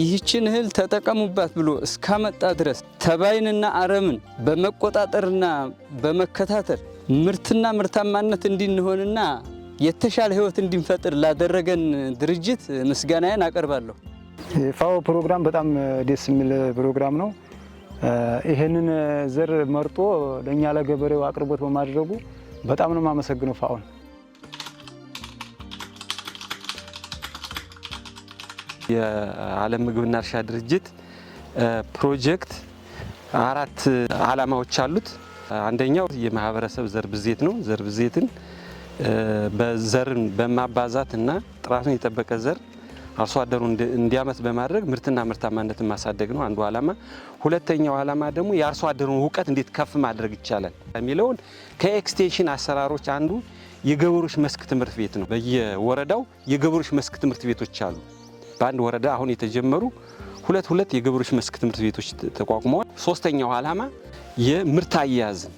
ይህችን እህል ተጠቀሙባት ብሎ እስካመጣ ድረስ ተባይንና አረምን በመቆጣጠርና በመከታተል ምርትና ምርታማነት እንድንሆንና የተሻለ ህይወት እንድንፈጥር ላደረገን ድርጅት ምስጋናዬን አቀርባለሁ። የፋኦ ፕሮግራም በጣም ደስ የሚል ፕሮግራም ነው። ይህንን ዘር መርጦ ለእኛ ለገበሬው አቅርቦት በማድረጉ በጣም ነው የማመሰግነው ፋኦን። የዓለም ምግብና እርሻ ድርጅት ፕሮጀክት አራት ዓላማዎች አሉት። አንደኛው የማህበረሰብ ዘር ብዜት ነው። ዘር ብዜትን በዘርን በማባዛት እና ጥራቱን የጠበቀ ዘር አርሶ አደሩ እንዲያመት በማድረግ ምርትና ምርታማነትን ማሳደግ ነው አንዱ ዓላማ። ሁለተኛው ዓላማ ደግሞ የአርሶ አደሩን እውቀት እንዴት ከፍ ማድረግ ይቻላል የሚለውን ከኤክስቴንሽን አሰራሮች አንዱ የገበሬዎች መስክ ትምህርት ቤት ነው። በየወረዳው የገበሬዎች መስክ ትምህርት ቤቶች አሉ። በአንድ ወረዳ አሁን የተጀመሩ ሁለት ሁለት የገበሬዎች መስክ ትምህርት ቤቶች ተቋቁመዋል። ሶስተኛው ዓላማ የምርት አያያዝን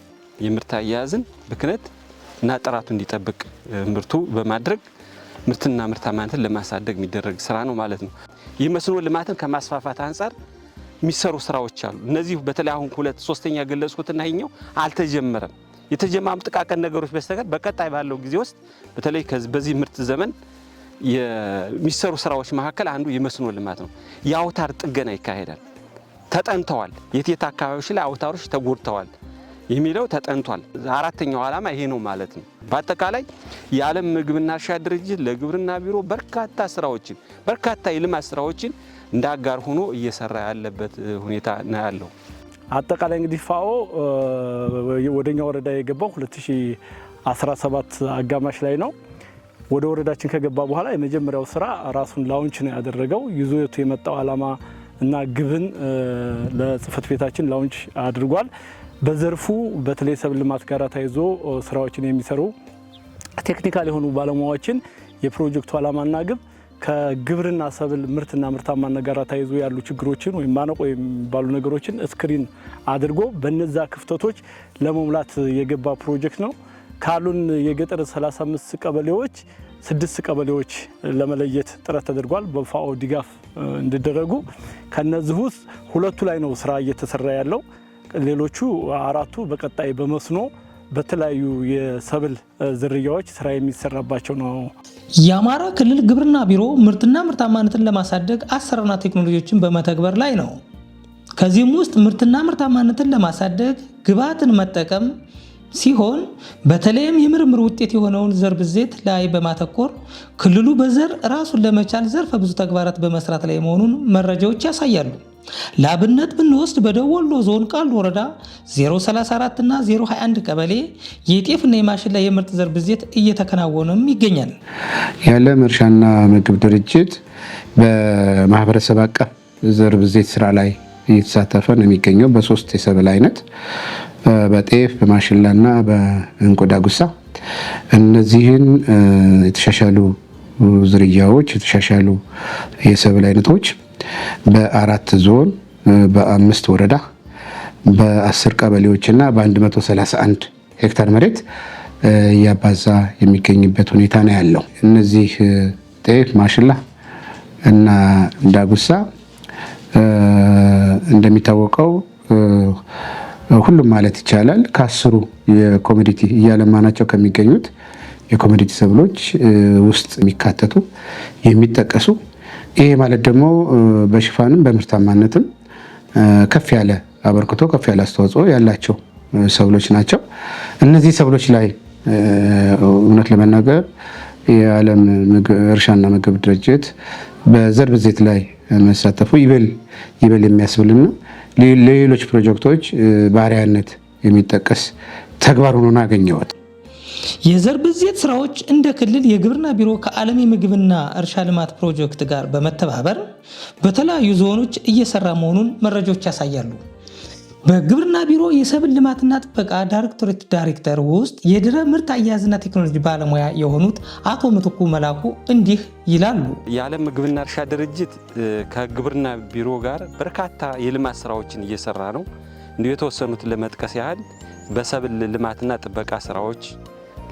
የምርት አያያዝን ብክነት እና ጥራቱ እንዲጠብቅ ምርቱ በማድረግ ምርትና ምርታማነትን ለማሳደግ የሚደረግ ስራ ነው ማለት ነው። ይህ መስኖ ልማትን ከማስፋፋት አንጻር የሚሰሩ ስራዎች አሉ። እነዚህ በተለይ አሁን ሁለት ሶስተኛ ገለጽኩትና ይኛው አልተጀመረም። የተጀማሙ ጥቃቅን ነገሮች በስተቀር በቀጣይ ባለው ጊዜ ውስጥ በተለይ በዚህ ምርት ዘመን የሚሰሩ ስራዎች መካከል አንዱ የመስኖ ልማት ነው። የአውታር ጥገና ይካሄዳል። ተጠንተዋል። የት አካባቢዎች ላይ አውታሮች ተጎድተዋል የሚለው ተጠንቷል። አራተኛው ዓላማ ይሄ ነው ማለት ነው። በአጠቃላይ የዓለም ምግብና እርሻ ድርጅት ለግብርና ቢሮ በርካታ ስራዎችን በርካታ የልማት ስራዎችን እንደ አጋር ሆኖ እየሰራ ያለበት ሁኔታ ነው ያለው። አጠቃላይ እንግዲህ ፋኦ ወደኛ ወረዳ የገባው 2017 አጋማሽ ላይ ነው። ወደ ወረዳችን ከገባ በኋላ የመጀመሪያው ስራ ራሱን ላውንች ነው ያደረገው። ይዞ የመጣው አላማ እና ግብን ለጽህፈት ቤታችን ላውንች አድርጓል። በዘርፉ በተለይ ሰብል ልማት ጋር ተያይዞ ስራዎችን የሚሰሩ ቴክኒካል የሆኑ ባለሙያዎችን የፕሮጀክቱ ዓላማና ግብ ከግብርና ሰብል ምርትና ምርታማነት ጋር ተያይዞ ያሉ ችግሮችን ወይም ማነቆ የሚባሉ ነገሮችን ስክሪን አድርጎ በነዛ ክፍተቶች ለመሙላት የገባ ፕሮጀክት ነው። ካሉን የገጠር 35 ቀበሌዎች ስድስት ቀበሌዎች ለመለየት ጥረት ተደርጓል። በፋኦ ድጋፍ እንዲደረጉ ከነዚህ ውስጥ ሁለቱ ላይ ነው ስራ እየተሰራ ያለው። ሌሎቹ አራቱ በቀጣይ በመስኖ በተለያዩ የሰብል ዝርያዎች ስራ የሚሰራባቸው ነው። የአማራ ክልል ግብርና ቢሮ ምርትና ምርታማነትን ለማሳደግ አሰራርና ቴክኖሎጂዎችን በመተግበር ላይ ነው። ከዚህም ውስጥ ምርትና ምርታማነትን ለማሳደግ ግብዓትን መጠቀም ሲሆን በተለይም የምርምር ውጤት የሆነውን ዘር ብዜት ላይ በማተኮር ክልሉ በዘር ራሱን ለመቻል ዘርፈ ብዙ ተግባራት በመስራት ላይ መሆኑን መረጃዎች ያሳያሉ። ለአብነት ብንወስድ በደቡብ ወሎ ዞን ቃሉ ወረዳ 034 እና 021 ቀበሌ የጤፍና የማሽላ የምርጥ ዘር ብዜት እየተከናወነም ይገኛል። የዓለም እርሻና ምግብ ድርጅት በማህበረሰብ አቀፍ ዘር ብዜት ስራ ላይ እየተሳተፈ ነው የሚገኘው በሶስት የሰብል አይነት በጤፍ በማሽላና በእንቁ ዳጉሳ እነዚህን የተሻሻሉ ዝርያዎች የተሻሻሉ የሰብል አይነቶች በአራት ዞን በአምስት ወረዳ በአስር ቀበሌዎች እና በ131 ሄክታር መሬት እያባዛ የሚገኝበት ሁኔታ ነው ያለው። እነዚህ ጤፍ፣ ማሽላ እና ዳጉሳ እንደሚታወቀው ሁሉም ማለት ይቻላል ከአስሩ የኮሞዲቲ እያለማናቸው ከሚገኙት የኮሞዲቲ ሰብሎች ውስጥ የሚካተቱ የሚጠቀሱ ይሄ ማለት ደግሞ በሽፋንም በምርታማነትም ከፍ ያለ አበርክቶ ከፍ ያለ አስተዋጽኦ ያላቸው ሰብሎች ናቸው። እነዚህ ሰብሎች ላይ እውነት ለመናገር የዓለም እርሻና ምግብ ድርጅት በዘር ብዜት ላይ መሳተፉ ይበል ይበል የሚያስብልና ለሌሎች ፕሮጀክቶች ባሪያነት የሚጠቀስ ተግባር ሆኖ አገኘሁት። የዘር ብዜት ስራዎች እንደ ክልል የግብርና ቢሮ ከዓለም የምግብና እርሻ ልማት ፕሮጀክት ጋር በመተባበር በተለያዩ ዞኖች እየሰራ መሆኑን መረጃዎች ያሳያሉ። በግብርና ቢሮ የሰብል ልማትና ጥበቃ ዳይሬክቶሬት ዳይሬክተር ውስጥ የድረ ምርት አያያዝና ቴክኖሎጂ ባለሙያ የሆኑት አቶ ምትኩ መላኩ እንዲህ ይላሉ። የዓለም ምግብና እርሻ ድርጅት ከግብርና ቢሮ ጋር በርካታ የልማት ስራዎችን እየሰራ ነው። እንዲሁ የተወሰኑት ለመጥቀስ ያህል በሰብል ልማትና ጥበቃ ስራዎች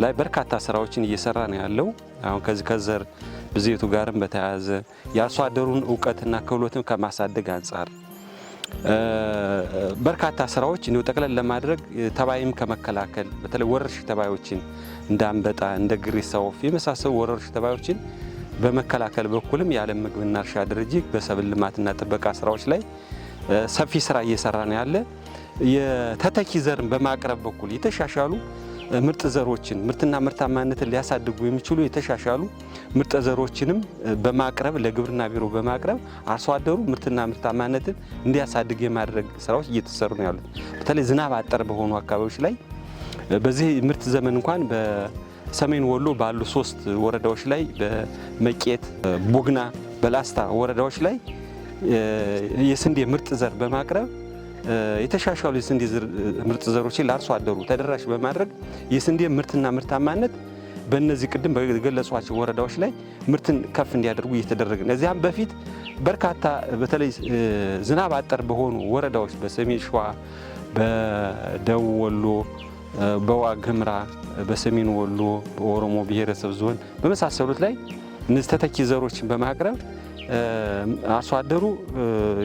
ላይ በርካታ ስራዎችን እየሰራ ነው ያለው። አሁን ከዚህ ከዘር ብዜቱ ጋርም በተያያዘ የአርሶ አደሩን እውቀትና ክህሎትም ከማሳደግ አንጻር በርካታ ስራዎች እንዲሁ ጠቅለል ለማድረግ ተባይም ከመከላከል በተለይ ወረርሽ ተባዮችን እንደ አንበጣ፣ እንደ ግሪሳ ወፍ የመሳሰሉ ወረርሽ ተባዮችን በመከላከል በኩልም የዓለም ምግብና እርሻ ድርጅት በሰብል ልማትና ጥበቃ ስራዎች ላይ ሰፊ ስራ እየሰራ ነው ያለ። የተተኪ ዘርን በማቅረብ በኩል የተሻሻሉ ምርጥ ዘሮችን ምርትና ምርታማነትን ሊያሳድጉ የሚችሉ የተሻሻሉ ምርጥ ዘሮችንም በማቅረብ ለግብርና ቢሮ በማቅረብ አርሶ አደሩ ምርትና ምርታማነትን እንዲያሳድግ የማድረግ ስራዎች እየተሰሩ ነው ያሉት። በተለይ ዝናብ አጠር በሆኑ አካባቢዎች ላይ በዚህ ምርት ዘመን እንኳን በሰሜን ወሎ ባሉ ሶስት ወረዳዎች ላይ በመቄት፣ ቡግና፣ በላስታ ወረዳዎች ላይ የስንዴ ምርጥ ዘር በማቅረብ የተሻሻሉ የስንዴ ምርጥ ዘሮችን ለአርሶ አደሩ ተደራሽ በማድረግ የስንዴ ምርትና ምርታማነት በእነዚህ ቅድም በገለጿቸው ወረዳዎች ላይ ምርትን ከፍ እንዲያደርጉ እየተደረገ ነው። እዚያም በፊት በርካታ በተለይ ዝናብ አጠር በሆኑ ወረዳዎች በሰሜን ሸዋ፣ በደቡብ ወሎ፣ በዋግ በሰሜን ወሎ፣ በኦሮሞ ብሔረሰብ ዞን በመሳሰሉት ላይ እነዚህ ተተኪ ዘሮችን በማቅረብ አርሶ አደሩ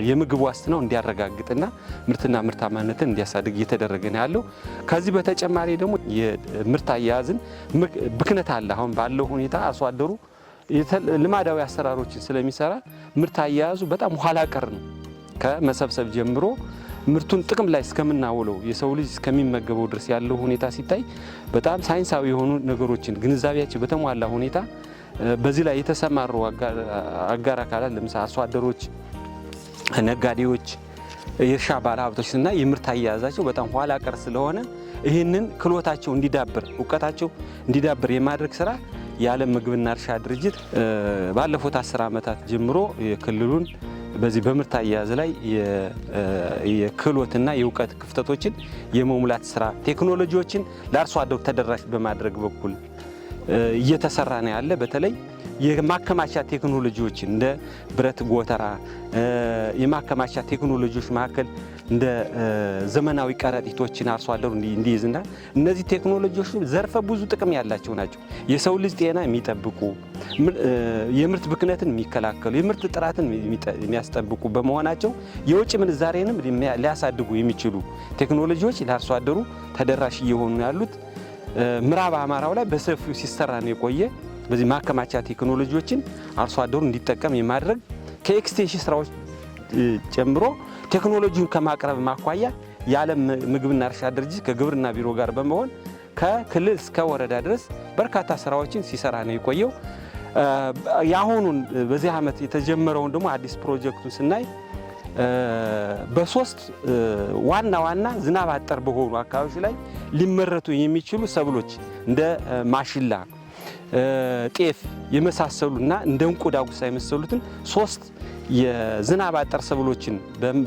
የምግብ ዋስትናው እንዲያረጋግጥና ምርትና ምርታማነትን እንዲያሳድግ እየተደረገ ነው ያለው። ከዚህ በተጨማሪ ደግሞ የምርት አያያዝን ብክነት አለ። አሁን ባለው ሁኔታ አርሶ አደሩ ልማዳዊ አሰራሮችን ስለሚሰራ ምርት አያያዙ በጣም ኋላ ቀር ነው። ከመሰብሰብ ጀምሮ ምርቱን ጥቅም ላይ እስከምናውለው የሰው ልጅ እስከሚመገበው ድረስ ያለው ሁኔታ ሲታይ በጣም ሳይንሳዊ የሆኑ ነገሮችን ግንዛቤያቸው በተሟላ ሁኔታ በዚህ ላይ የተሰማሩ አጋር አካላት ለምሳሌ አርሶ አደሮች፣ ነጋዴዎች፣ የእርሻ ባለሀብቶች እና የምርት አያያዛቸው በጣም ኋላ ቀር ስለሆነ ይህንን ክህሎታቸው እንዲዳብር እውቀታቸው እንዲዳብር የማድረግ ስራ የዓለም ምግብና እርሻ ድርጅት ባለፉት አስር ዓመታት ጀምሮ የክልሉን በዚህ በምርት አያያዝ ላይ የክህሎትና የእውቀት ክፍተቶችን የመሙላት ስራ ቴክኖሎጂዎችን ለአርሶ አደሩ ተደራሽ በማድረግ በኩል እየተሰራ ነው ያለ። በተለይ የማከማቻ ቴክኖሎጂዎች እንደ ብረት ጎተራ፣ የማከማቻ ቴክኖሎጂዎች መካከል እንደ ዘመናዊ ከረጢቶችን አርሶ አደሩ እንዲይዝና እነዚህ ቴክኖሎጂዎች ዘርፈ ብዙ ጥቅም ያላቸው ናቸው። የሰው ልጅ ጤና የሚጠብቁ የምርት ብክነትን የሚከላከሉ የምርት ጥራትን የሚያስጠብቁ በመሆናቸው የውጭ ምንዛሬንም ሊያሳድጉ የሚችሉ ቴክኖሎጂዎች ለአርሶ አደሩ ተደራሽ እየሆኑ ያሉት ምዕራብ አማራው ላይ በሰፊው ሲሰራ ነው የቆየ። በዚህ ማከማቻ ቴክኖሎጂዎችን አርሶ አደሩ እንዲጠቀም የማድረግ ከኤክስቴንሽን ስራዎች ጨምሮ ቴክኖሎጂውን ከማቅረብ ማኳያ የዓለም ምግብና እርሻ ድርጅት ከግብርና ቢሮ ጋር በመሆን ከክልል እስከ ወረዳ ድረስ በርካታ ስራዎችን ሲሰራ ነው የቆየው። የአሁኑን በዚህ ዓመት የተጀመረውን ደግሞ አዲስ ፕሮጀክቱን ስናይ በሶስት ዋና ዋና ዝናብ አጠር በሆኑ አካባቢዎች ላይ ሊመረቱ የሚችሉ ሰብሎች እንደ ማሽላ፣ ጤፍ የመሳሰሉና እንደ እንቁ ዳጉሳ የመሰሉትን ሶስት የዝናብ አጠር ሰብሎችን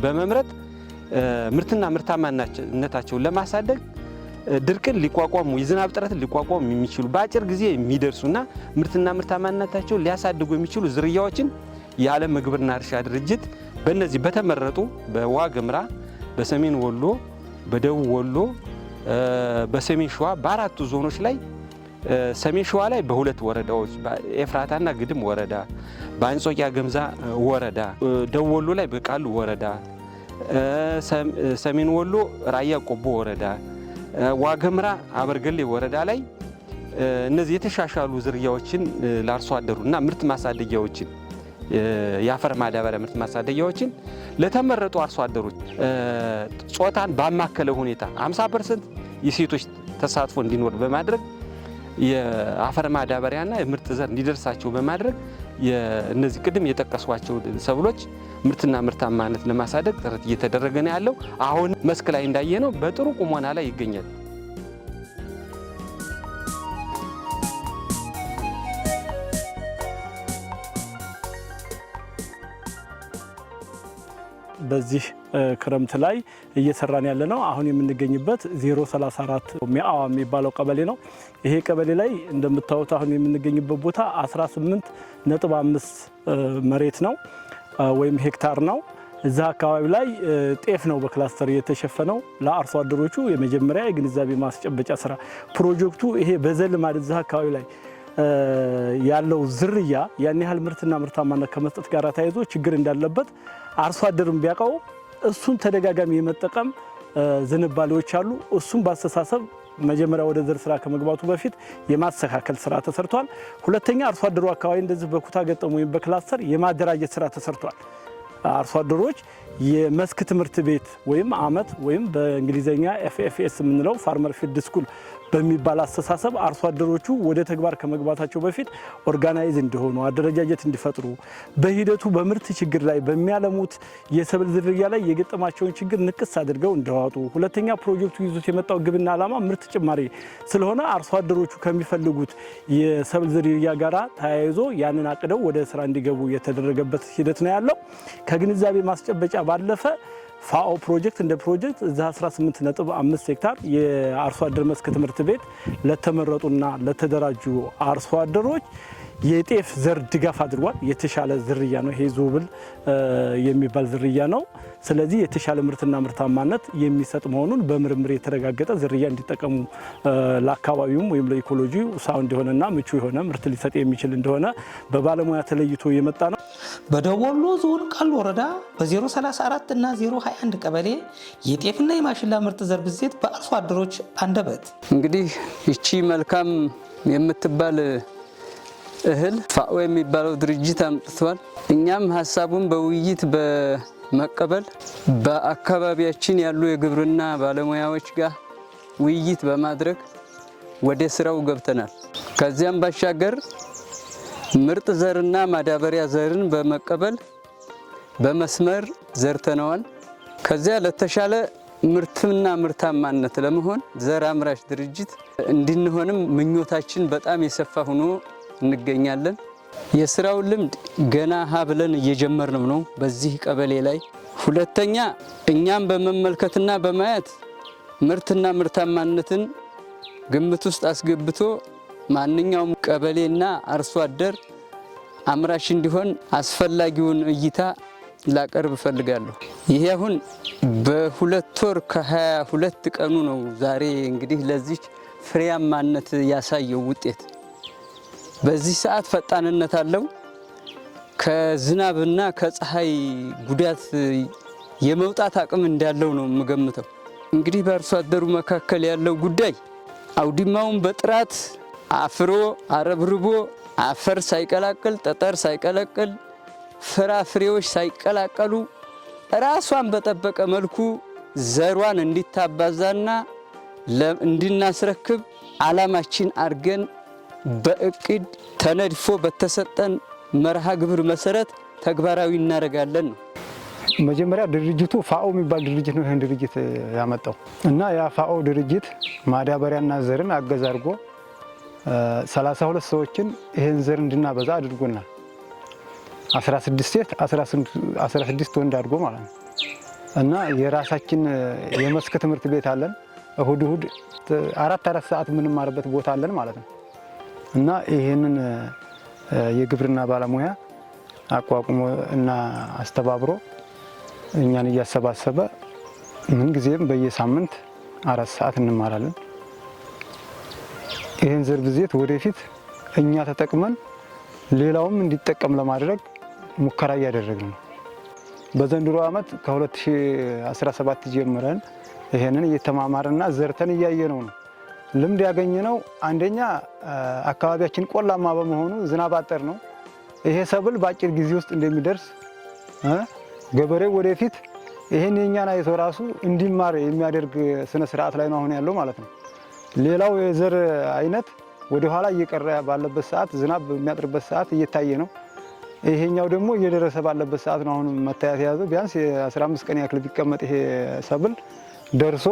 በመምረጥ ምርትና ምርታማነታቸውን ለማሳደግ ድርቅን ሊቋቋሙ የዝናብ ጥረትን ሊቋቋሙ የሚችሉ በአጭር ጊዜ የሚደርሱና ምርትና ምርታማነታቸውን ሊያሳድጉ የሚችሉ ዝርያዎችን የዓለም ምግብና እርሻ ድርጅት በእነዚህ በተመረጡ በዋግምራ፣ በሰሜን ወሎ፣ በደቡብ ወሎ፣ በሰሜን ሸዋ በአራቱ ዞኖች ላይ ሰሜን ሸዋ ላይ በሁለት ወረዳዎች ኤፍራታና ግድም ወረዳ፣ በአንጾቂያ ገምዛ ወረዳ፣ ደቡብ ወሎ ላይ በቃሉ ወረዳ፣ ሰሜን ወሎ ራያ ቆቦ ወረዳ፣ ዋገምራ አበርገሌ ወረዳ ላይ እነዚህ የተሻሻሉ ዝርያዎችን አደሩ እና ምርት ማሳደጊያዎችን የአፈር ማዳበሪያ ምርት ማሳደጊያዎችን ለተመረጡ አርሶ አደሮች ጾታን ባማከለ ሁኔታ 50 ፐርሰንት የሴቶች ተሳትፎ እንዲኖር በማድረግ የአፈር ማዳበሪያና የምርጥ ዘር እንዲደርሳቸው በማድረግ እነዚህ ቅድም የጠቀሷቸው ሰብሎች ምርትና ምርታማነት ለማሳደግ ጥረት እየተደረገ ነው ያለው። አሁን መስክ ላይ እንዳየ ነው በጥሩ ቁሞና ላይ ይገኛል። በዚህ ክረምት ላይ እየሰራን ያለ ነው። አሁን የምንገኝበት 034 ሚያዋ የሚባለው ቀበሌ ነው። ይሄ ቀበሌ ላይ እንደምታዩት አሁን የምንገኝበት ቦታ 18 ነጥብ 5 መሬት ነው ወይም ሄክታር ነው። እዛ አካባቢ ላይ ጤፍ ነው በክላስተር የተሸፈነው። ለአርሶ አደሮቹ የመጀመሪያ የግንዛቤ ማስጨበጫ ስራ ፕሮጀክቱ ይሄ በዘልማድ እዛ አካባቢ ላይ ያለው ዝርያ ያን ያህል ምርትና ምርታማነት ከመስጠት ጋር ተያይዞ ችግር እንዳለበት አርሶ አደሩም ቢያውቀው እሱን ተደጋጋሚ የመጠቀም ዝንባሌዎች አሉ። እሱም በአስተሳሰብ መጀመሪያ ወደ ዘር ስራ ከመግባቱ በፊት የማስተካከል ስራ ተሰርቷል። ሁለተኛ አርሶ አደሩ አካባቢ እንደዚህ በኩታ ገጠም ወይም በክላስተር የማደራጀት ስራ ተሰርቷል። አርሶ አደሮች የመስክ ትምህርት ቤት ወይም አመት ወይም በእንግሊዝኛ ኤፍኤፍኤስ የምንለው ፋርመር ፊልድ ስኩል በሚባል አስተሳሰብ አርሶ አደሮቹ ወደ ተግባር ከመግባታቸው በፊት ኦርጋናይዝ እንዲሆኑ አደረጃጀት እንዲፈጥሩ በሂደቱ በምርት ችግር ላይ በሚያለሙት የሰብል ዝርያ ላይ የገጠማቸውን ችግር ንቅስ አድርገው እንዲዋጡ፣ ሁለተኛ ፕሮጀክቱ ይዞት የመጣው ግብና ዓላማ ምርት ጭማሪ ስለሆነ አርሶ አደሮቹ ከሚፈልጉት የሰብል ዝርያ ጋራ ተያይዞ ያንን አቅደው ወደ ስራ እንዲገቡ የተደረገበት ሂደት ነው ያለው። ከግንዛቤ ማስጨበጫ ባለፈ ፋኦ ፕሮጀክት እንደ ፕሮጀክት ነጥብ 18.5 ሄክታር የአርሶ አደር መስክ ትምህርት ቤት ለተመረጡና ለተደራጁ አርሶ አደሮች የጤፍ ዘር ድጋፍ አድርጓል። የተሻለ ዝርያ ነው ይሄ ዞብል የሚባል ዝርያ ነው። ስለዚህ የተሻለ ምርትና ምርታማነት የሚሰጥ መሆኑን በምርምር የተረጋገጠ ዝርያ እንዲጠቀሙ ለአካባቢውም ወይም ለኢኮሎጂ ሳው የሆነና ምቹ የሆነ ምርት ሊሰጥ የሚችል እንደሆነ በባለሙያ ተለይቶ የመጣ ነው። በደቡብ ወሎ ዞን ቃሉ ወረዳ በ034 እና 021 ቀበሌ የጤፍና የማሽላ ምርጥ ዘር ብዜት በአርሶ አደሮች አንደበት። እንግዲህ ይቺ መልካም የምትባል እህል ፋኦ የሚባለው ድርጅት አምጥቷል። እኛም ሀሳቡን በውይይት በመቀበል በአካባቢያችን ያሉ የግብርና ባለሙያዎች ጋር ውይይት በማድረግ ወደ ስራው ገብተናል። ከዚያም ባሻገር ምርጥ ዘርና ማዳበሪያ ዘርን በመቀበል በመስመር ዘርተነዋል። ከዚያ ለተሻለ ምርትና ምርታማነት ለመሆን ዘር አምራች ድርጅት እንድንሆንም ምኞታችን በጣም የሰፋ ሆኖ እንገኛለን። የስራው ልምድ ገና ሀብለን እየጀመርንም ነው በዚህ ቀበሌ ላይ። ሁለተኛ እኛም በመመልከትና በማየት ምርትና ምርታማነትን ግምት ውስጥ አስገብቶ ማንኛውም ቀበሌና አርሶ አደር አምራች እንዲሆን አስፈላጊውን እይታ ላቀርብ እፈልጋለሁ። ይሄ አሁን በሁለት ወር ከ22 ቀኑ ነው። ዛሬ እንግዲህ ለዚች ፍሬያማነት ያሳየው ውጤት በዚህ ሰዓት ፈጣንነት አለው። ከዝናብና ከፀሐይ ጉዳት የመውጣት አቅም እንዳለው ነው የምገምተው። እንግዲህ በአርሶ አደሩ መካከል ያለው ጉዳይ አውዲማውን በጥራት አፍሮ አረብርቦ አፈር ሳይቀላቅል ጠጠር ሳይቀላቅል ፍራፍሬዎች ሳይቀላቀሉ ራሷን በጠበቀ መልኩ ዘሯን እንዲታባዛና እንድናስረክብ ዓላማችን አድርገን በእቅድ ተነድፎ በተሰጠን መርሃ ግብር መሰረት ተግባራዊ እናደርጋለን ነው። መጀመሪያ ድርጅቱ ፋኦ የሚባል ድርጅት ነው ይህን ድርጅት ያመጣው እና ያ ፋኦ ድርጅት ማዳበሪያና ዘርን አገዝ አድርጎ ሰላሳ ሁለት ሰዎችን ይህን ዘር እንድናበዛ አድርጎናል። አስራ ሴት አስራ ወንድ አድርጎ ማለት ነው። እና የራሳችን የመስክ ትምህርት ቤት አለን። እሁድ እሁድ አራት አራት ሰዓት የምንማርበት ቦታ አለን ማለት ነው። እና ይህንን የግብርና ባለሙያ አቋቁሞ እና አስተባብሮ እኛን እያሰባሰበ ጊዜም በየሳምንት አራት ሰዓት እንማራለን። ይህን ዝርብ ብዜት ወደፊት እኛ ተጠቅመን ሌላውም እንዲጠቀም ለማድረግ ሙከራ እያደረግን ነው። በዘንድሮ ዓመት ከ2017 ጀምረን ይህንን እየተማማርና ዘርተን እያየነው ነው። ልምድ ያገኘነው አንደኛ አካባቢያችን ቆላማ በመሆኑ ዝናብ አጠር ነው። ይሄ ሰብል በአጭር ጊዜ ውስጥ እንደሚደርስ ገበሬው ወደፊት ይህን የእኛን አይቶ ራሱ እንዲማር የሚያደርግ ስነ ስርዓት ላይ ነው አሁን ያለው ማለት ነው። ሌላው የዘር አይነት ወደኋላ እየቀረ ባለበት ሰዓት ዝናብ በሚያጥርበት ሰዓት እየታየ ነው። ይሄኛው ደግሞ እየደረሰ ባለበት ሰዓት ነው አሁን መታየት የያዘው። ቢያንስ የ15 ቀን ያክል ቢቀመጥ ይሄ ሰብል ደርሶ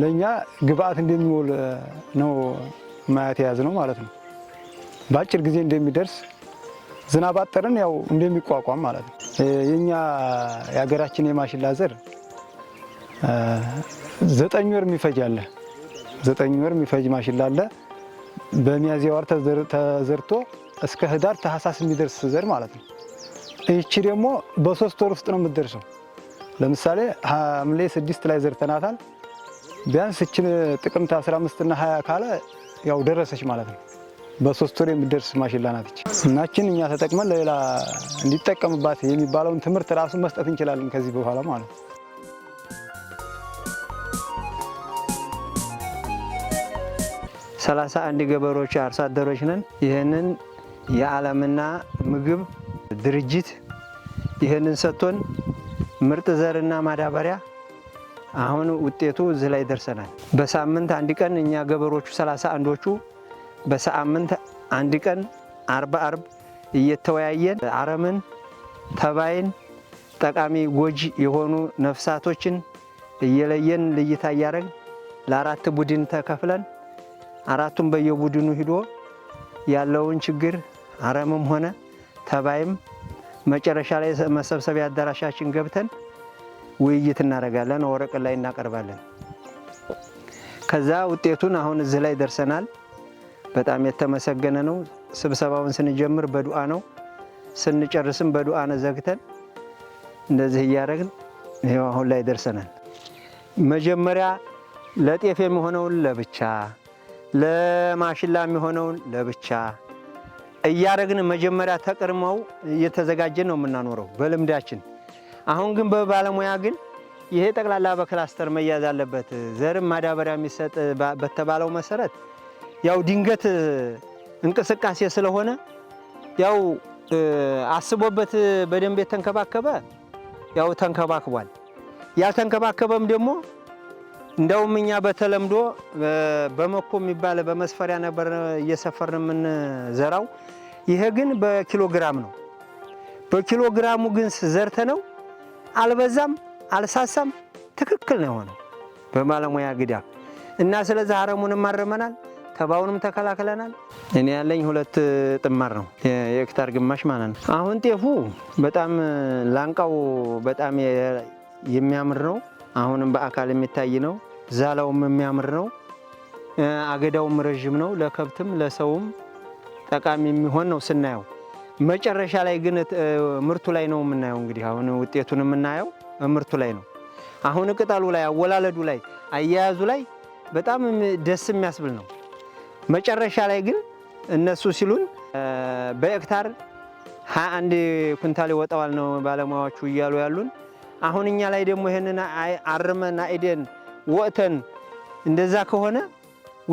ለእኛ ግብአት እንደሚውል ነው ማየት የያዝ ነው ማለት ነው። በአጭር ጊዜ እንደሚደርስ ዝናብ አጠርን ያው እንደሚቋቋም ማለት ነው። የእኛ የሀገራችን የማሽላ ዘር ዘጠኝ ወር የሚፈጃለህ ዘጠኝ ወር የሚፈጅ ማሽላ አለ። በሚያዚያ ወር ተዘርቶ እስከ ህዳር ታህሳስ የሚደርስ ዘር ማለት ነው። ይቺ ደግሞ በሶስት ወር ውስጥ ነው የምትደርሰው። ለምሳሌ ሐምሌ ስድስት ላይ ዘርተናታል። ቢያንስ እችን ጥቅምት 15 እና 20 ካለ ያው ደረሰች ማለት ነው። በሶስት ወር የምደርስ ማሽላ ናትች። እናችን እኛ ተጠቅመን ለሌላ እንዲጠቀምባት የሚባለውን ትምህርት ራሱ መስጠት እንችላለን ከዚህ በኋላ ማለት ነው። አንድ ገበሬዎች አርሶ አደሮች ነን። ይህንን የዓለምና ምግብ ድርጅት ይህንን ሰጥቶን ምርጥ ዘርና ማዳበሪያ አሁን ውጤቱ እዚህ ላይ ደርሰናል። በሳምንት አንድ ቀን እኛ ገበሮቹ 31 አንዶቹ በሳምንት አንድ ቀን አርብ አርብ እየተወያየን አረምን፣ ተባይን፣ ጠቃሚ ጎጂ የሆኑ ነፍሳቶችን እየለየን ልይታ እያደረግን ለአራት ቡድን ተከፍለን አራቱም በየቡድኑ ሂዶ ያለውን ችግር አረምም ሆነ ተባይም መጨረሻ ላይ መሰብሰቢያ አዳራሻችን ገብተን ውይይት እናደርጋለን፣ ወረቀት ላይ እናቀርባለን። ከዛ ውጤቱን አሁን እዚህ ላይ ደርሰናል። በጣም የተመሰገነ ነው። ስብሰባውን ስንጀምር በዱአ ነው፣ ስንጨርስም በዱአ ነው። ዘግተን እንደዚህ እያደረግን ይኸው አሁን ላይ ደርሰናል። መጀመሪያ ለጤፍ የሚሆነውን ለብቻ ለማሽላ የሚሆነውን ለብቻ እያደረግን መጀመሪያ ተቅርመው እየተዘጋጀን ነው የምናኖረው በልምዳችን። አሁን ግን በባለሙያ ግን ይሄ ጠቅላላ በክላስተር መያዝ አለበት። ዘርም ማዳበሪያ የሚሰጥ በተባለው መሰረት ያው ድንገት እንቅስቃሴ ስለሆነ ያው አስቦበት በደንብ የተንከባከበ ያው ተንከባክቧል። ያልተንከባከበም ደግሞ እንደውም እኛ በተለምዶ በመኮ የሚባል በመስፈሪያ ነበር እየሰፈርን የምንዘራው። ይሄ ግን በኪሎግራም ነው። በኪሎግራሙ ግን ዘርተ ነው አልበዛም አልሳሳም ትክክል ነው የሆነው በባለሙያ ግዳ እና ስለዚህ አረሙንም አረመናል፣ ተባውንም ተከላክለናል። እኔ ያለኝ ሁለት ጥማር ነው የሄክታር ግማሽ ማለት ነው። አሁን ጤፉ በጣም ላንቃው በጣም የሚያምር ነው። አሁንም በአካል የሚታይ ነው። ዛላውም የሚያምር ነው። አገዳውም ረዥም ነው። ለከብትም ለሰውም ጠቃሚ የሚሆን ነው ስናየው። መጨረሻ ላይ ግን ምርቱ ላይ ነው የምናየው። እንግዲህ አሁን ውጤቱን የምናየው ምርቱ ላይ ነው። አሁን ቅጠሉ ላይ፣ አወላለዱ ላይ፣ አያያዙ ላይ በጣም ደስ የሚያስብል ነው። መጨረሻ ላይ ግን እነሱ ሲሉን በሄክታር 21 ኩንታል ይወጣዋል ነው ባለሙያዎቹ እያሉ ያሉን። አሁን እኛ ላይ ደግሞ ይሄንን አርመን አይደን ወጥተን እንደዛ ከሆነ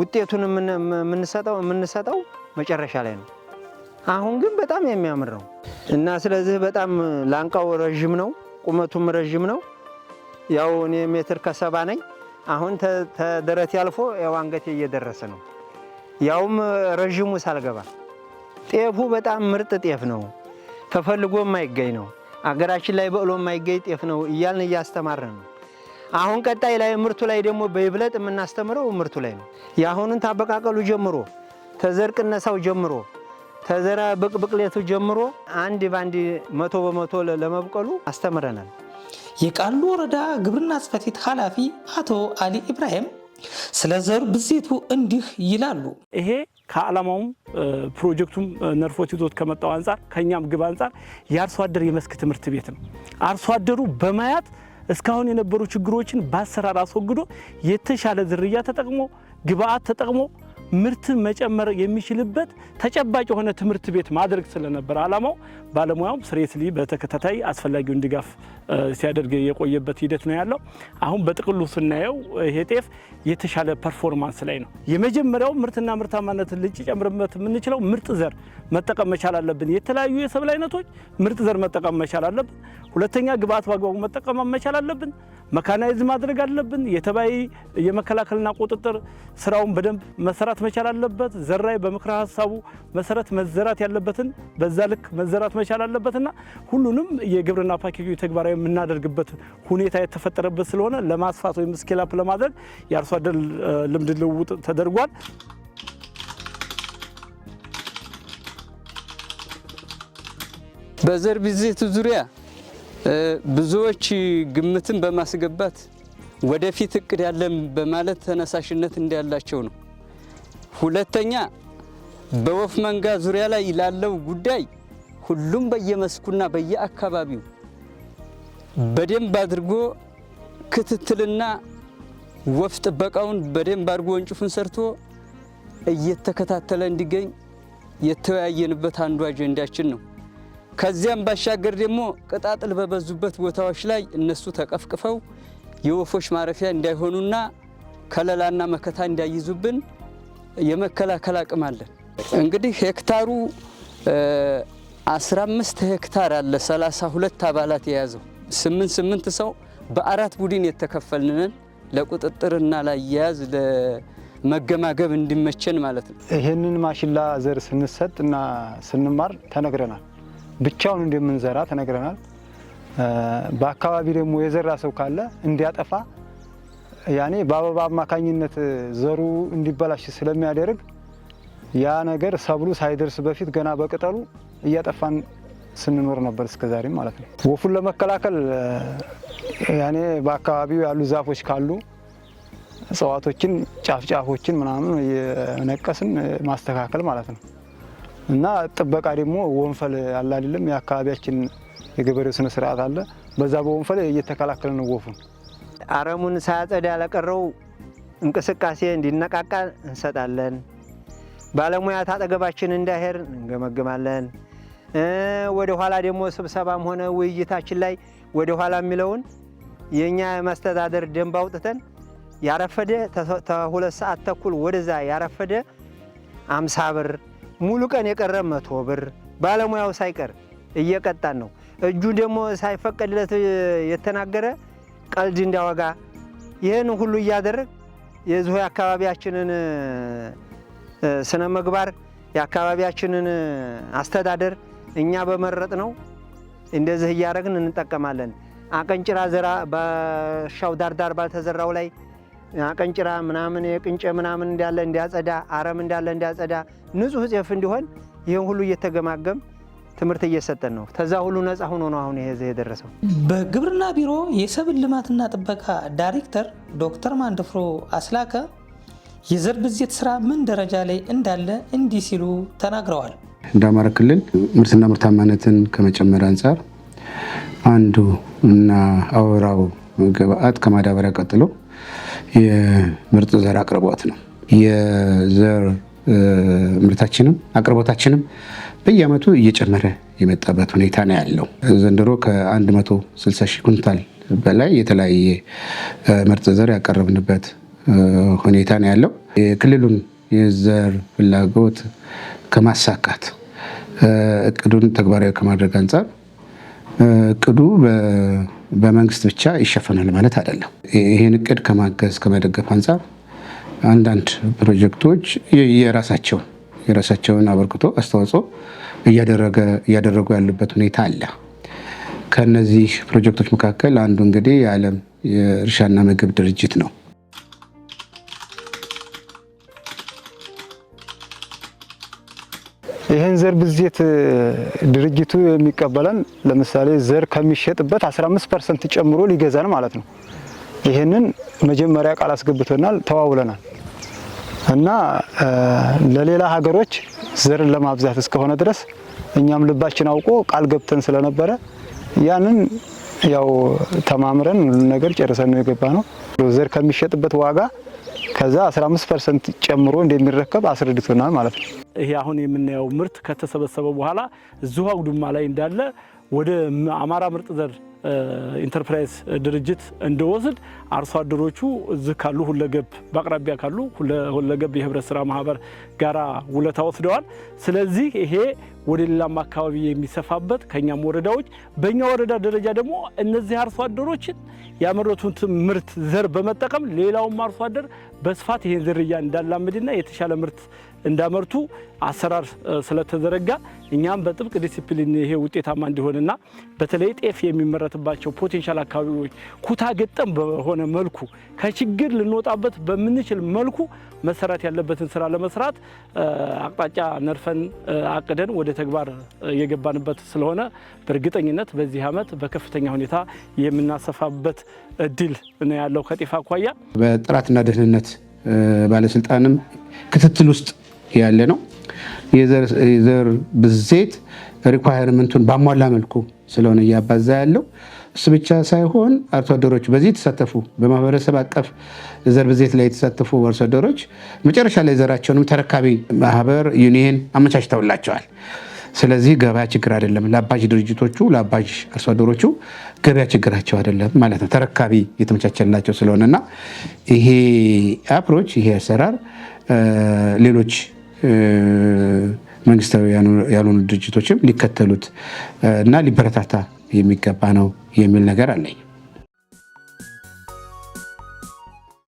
ውጤቱን የምንሰጠው መጨረሻ ላይ ነው። አሁን ግን በጣም የሚያምር ነው እና ስለዚህ በጣም ላንቃው ረዥም ነው፣ ቁመቱም ረዥም ነው። ያው እኔ ሜትር ከሰባ ነኝ። አሁን ተደረቴ አልፎ ያው አንገቴ እየደረሰ ነው። ያውም ረዥሙ ሳልገባ ጤፉ በጣም ምርጥ ጤፍ ነው፣ ተፈልጎ የማይገኝ ነው። አገራችን ላይ በቅሎ የማይገኝ ጤፍ ነው እያልን እያስተማርን ነው። አሁን ቀጣይ ላይ ምርቱ ላይ ደግሞ በይብለጥ የምናስተምረው ምርቱ ላይ ነው። የአሁኑን ታበቃቀሉ ጀምሮ ተዘር ቅነሳው ጀምሮ ተዘራ ብቅብቅሌቱ ጀምሮ አንድ በአንድ መቶ በመቶ ለመብቀሉ አስተምረናል። የቃሉ ወረዳ ግብርና ጽሕፈት ቤት ኃላፊ አቶ አሊ ኢብራሂም ስለ ዘር ብዜቱ እንዲህ ይላሉ። ይሄ ከዓላማውም ፕሮጀክቱም ነርፎት ይዞት ከመጣው አንጻር ከእኛም ግብ አንጻር የአርሶ አደር የመስክ ትምህርት ቤት ነው። አርሶ አደሩ በማያት እስካሁን የነበሩ ችግሮችን በአሰራር አስወግዶ የተሻለ ዝርያ ተጠቅሞ ግብአት ተጠቅሞ ምርት መጨመር የሚችልበት ተጨባጭ የሆነ ትምህርት ቤት ማድረግ ስለነበር ዓላማው፣ ባለሙያውም ስሬትሊ በተከታታይ አስፈላጊውን ድጋፍ ሲያደርግ የቆየበት ሂደት ነው ያለው። አሁን በጥቅሉ ስናየው ይሄ ጤፍ የተሻለ ፐርፎርማንስ ላይ ነው። የመጀመሪያው ምርትና ምርታማነትን ልንጨምርበት የምንችለው ምርጥ ዘር መጠቀም መቻል አለብን። የተለያዩ የሰብል አይነቶች ምርጥ ዘር መጠቀም መቻል አለብን። ሁለተኛ ግብአት በአግባቡ መጠቀም መቻል አለብን። መካናይዝ ማድረግ አለብን። የተባይ የመከላከልና ቁጥጥር ስራውን በደንብ መሰራት መቻል አለበት። ዘራይ በምክረ ሀሳቡ መሰረት መዘራት ያለበትን በዛ ልክ መዘራት መቻል አለበትና ሁሉንም የግብርና ፓኬጁ ተግባራዊ የምናደርግበት ሁኔታ የተፈጠረበት ስለሆነ ለማስፋት ወይም ስኬላፕ ለማድረግ የአርሶ አደር ልምድ ልውውጥ ተደርጓል። በዘር ብዜቱ ዙሪያ ብዙዎች ግምትን በማስገባት ወደፊት እቅድ ያለን በማለት ተነሳሽነት እንዳላቸው ነው። ሁለተኛ በወፍ መንጋ ዙሪያ ላይ ላለው ጉዳይ ሁሉም በየመስኩና በየአካባቢው በደንብ አድርጎ ክትትልና ወፍ ጥበቃውን በደንብ አድርጎ ወንጭፉን ሰርቶ እየተከታተለ እንዲገኝ የተወያየንበት አንዱ አጀንዳችን ነው። ከዚያም ባሻገር ደግሞ ቅጣጥል በበዙበት ቦታዎች ላይ እነሱ ተቀፍቅፈው የወፎች ማረፊያ እንዳይሆኑና ከለላና መከታ እንዳይዙብን የመከላከል አቅም አለን። እንግዲህ ሄክታሩ 15 ሄክታር አለ። 32 አባላት የያዘው 8 8 ሰው በአራት ቡድን የተከፈልንን ለቁጥጥርና ለአያያዝ ለመገማገብ እንዲመቸን ማለት ነው። ይህንን ማሽላ ዘር ስንሰጥ እና ስንማር ተነግረናል። ብቻውን እንደምንዘራ ተነግረናል። በአካባቢ ደግሞ የዘራ ሰው ካለ እንዲያጠፋ ያኔ በአበባ አማካኝነት ዘሩ እንዲበላሽ ስለሚያደርግ ያ ነገር ሰብሉ ሳይደርስ በፊት ገና በቅጠሉ እያጠፋን ስንኖር ነበር እስከዛሬ ማለት ነው። ወፉን ለመከላከል ያኔ በአካባቢው ያሉ ዛፎች ካሉ እጽዋቶችን ጫፍ ጫፎችን ምናምን እየነቀስን ማስተካከል ማለት ነው። እና ጥበቃ ደግሞ ወንፈል አለ አይደለም፣ የአካባቢያችን የገበሬው ስነ ስርዓት አለ። በዛ በወንፈል እየተከላከለ ነው ወፉን። አረሙን ሳያጸድ ያለቀረው እንቅስቃሴ እንዲነቃቃ እንሰጣለን። ባለሙያት አጠገባችን እንዳሄር እንገመግማለን። ወደ ኋላ ደግሞ ስብሰባም ሆነ ውይይታችን ላይ ወደ ኋላ የሚለውን የእኛ የመስተዳደር ደንብ አውጥተን ያረፈደ ተሁለት ሰዓት ተኩል ወደዛ ያረፈደ አምሳ ብር ሙሉ ቀን የቀረ መቶ ብር ባለሙያው ሳይቀር እየቀጣን ነው። እጁ ደግሞ ሳይፈቀድለት የተናገረ ቀልድ እንዳወጋ ይህን ሁሉ እያደረግ የዚሁ የአካባቢያችንን ስነ ምግባር የአካባቢያችንን አስተዳደር እኛ በመረጥ ነው እንደዚህ እያደረግን እንጠቀማለን። አቀንጭራ ዘራ በእርሻው ዳርዳር ባልተዘራው ላይ አቀንጭራ ምናምን የቅንጨ ምናምን እንዳለ እንዲያጸዳ፣ አረም እንዳለ እንዲያጸዳ፣ ንጹህ ጤፍ እንዲሆን ይህን ሁሉ እየተገማገም ትምህርት እየሰጠን ነው። ከዛ ሁሉ ነፃ ሆኖ ነው አሁን ይሄ የደረሰው። በግብርና ቢሮ የሰብል ልማትና ጥበቃ ዳይሬክተር ዶክተር ማንደፍሮ አስላከ የዘር ብዜት ስራ ምን ደረጃ ላይ እንዳለ እንዲህ ሲሉ ተናግረዋል። እንደ አማራ ክልል ምርትና ምርታማነትን ከመጨመር አንጻር አንዱ እና አወራው ግብአት ከማዳበሪያ ቀጥሎ የምርጥ ዘር አቅርቦት ነው። የዘር ምርታችንም አቅርቦታችንም በየዓመቱ እየጨመረ የመጣበት ሁኔታ ነው ያለው። ዘንድሮ ከ160 ሺህ ኩንታል በላይ የተለያየ ምርጥ ዘር ያቀረብንበት ሁኔታ ነው ያለው። የክልሉን የዘር ፍላጎት ከማሳካት እቅዱን ተግባራዊ ከማድረግ አንጻር እቅዱ በመንግስት ብቻ ይሸፈናል ማለት አይደለም። ይህን እቅድ ከማገዝ ከመደገፍ አንጻር አንዳንድ ፕሮጀክቶች የራሳቸው የራሳቸውን አበርክቶ አስተዋጽኦ እያደረጉ ያሉበት ሁኔታ አለ። ከነዚህ ፕሮጀክቶች መካከል አንዱ እንግዲህ የዓለም የእርሻና ምግብ ድርጅት ነው። ይህን ዘር ብዜት ድርጅቱ የሚቀበለን ለምሳሌ ዘር ከሚሸጥበት 15 ፐርሰንት ጨምሮ ሊገዛን ማለት ነው። ይህንን መጀመሪያ ቃል አስገብቶናል፣ ተዋውለናል እና ለሌላ ሀገሮች ዘርን ለማብዛት እስከሆነ ድረስ እኛም ልባችን አውቆ ቃል ገብተን ስለነበረ ያንን ያው ተማምረን ሁሉ ነገር ጨርሰን ነው የገባ ነው። ዘር ከሚሸጥበት ዋጋ ከዛ 15 ፐርሰንት ጨምሮ እንደሚረከብ አስረድቶናል ማለት ነው። ይሄ አሁን የምናየው ምርት ከተሰበሰበ በኋላ እዚሁ አጉድማ ላይ እንዳለ ወደ አማራ ምርጥ ዘር ኢንተርፕራይዝ ድርጅት እንደወስድ አርሶ አደሮቹ እዚህ ካሉ ሁለገብ በአቅራቢያ ካሉ ሁለገብ የህብረት ስራ ማህበር ጋራ ውለታ ወስደዋል። ስለዚህ ይሄ ወደ ሌላም አካባቢ የሚሰፋበት ከኛ ወረዳዎች በእኛ ወረዳ ደረጃ ደግሞ እነዚህ አርሶ አደሮችን ያመረቱት ምርት ዘር በመጠቀም ሌላውም አርሶ አደር በስፋት ይሄን ዝርያ እንዳላምድና የተሻለ ምርት እንዳመርቱ አሰራር ስለተዘረጋ እኛም በጥብቅ ዲሲፕሊን ይሄ ውጤታማ እንዲሆንና በተለይ ጤፍ የሚመረትባቸው ፖቴንሻል አካባቢዎች ኩታ ገጠም በሆነ መልኩ ከችግር ልንወጣበት በምንችል መልኩ መሰራት ያለበትን ስራ ለመስራት አቅጣጫ ነርፈን አቅደን ወደ ተግባር የገባንበት ስለሆነ በእርግጠኝነት በዚህ ዓመት በከፍተኛ ሁኔታ የምናሰፋበት እድል ነው ያለው። ከጤፍ አኳያ በጥራትና ደህንነት ባለስልጣንም ክትትል ውስጥ ያለ ነው። የዘር ብዜት ሪኳየርመንቱን ባሟላ መልኩ ስለሆነ እያባዛ ያለው እሱ ብቻ ሳይሆን አርሶ አደሮች በዚህ የተሳተፉ በማህበረሰብ አቀፍ ዘር ብዜት ላይ የተሳተፉ አርሶ አደሮች መጨረሻ ላይ ዘራቸውንም ተረካቢ ማህበር ዩኒየን አመቻችተውላቸዋል። ስለዚህ ገበያ ችግር አይደለም። ለአባጅ ድርጅቶቹ ለአባጅ አርሶ አደሮቹ ገበያ ችግራቸው አይደለም ማለት ነው። ተረካቢ የተመቻቸላቸው ስለሆነና ይሄ አፕሮች ይሄ አሰራር ሌሎች መንግስታዊ ያልሆኑ ድርጅቶችም ሊከተሉት እና ሊበረታታ የሚገባ ነው የሚል ነገር አለኝ።